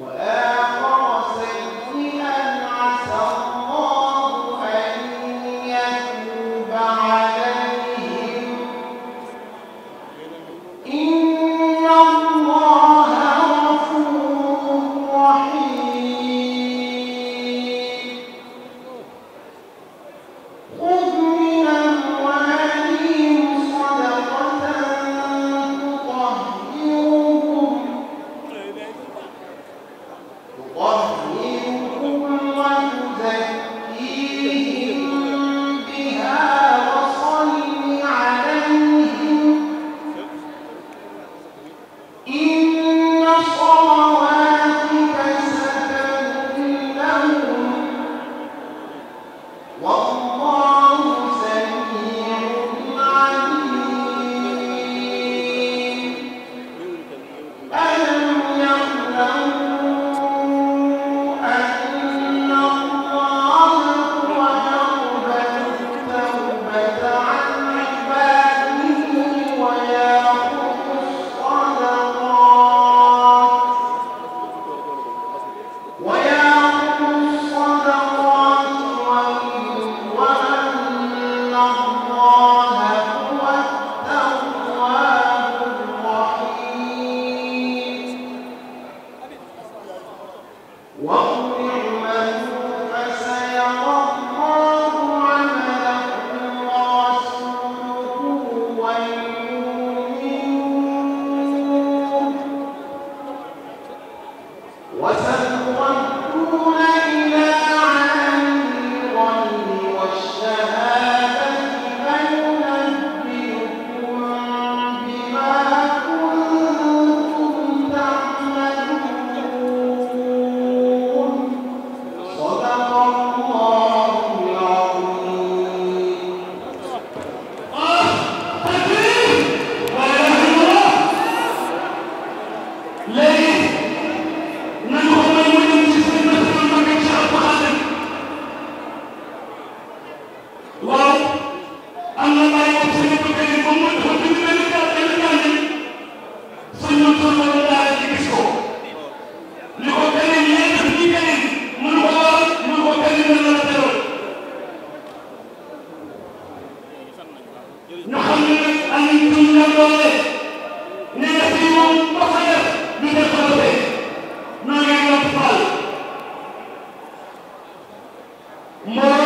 Wow. Walk waaw moo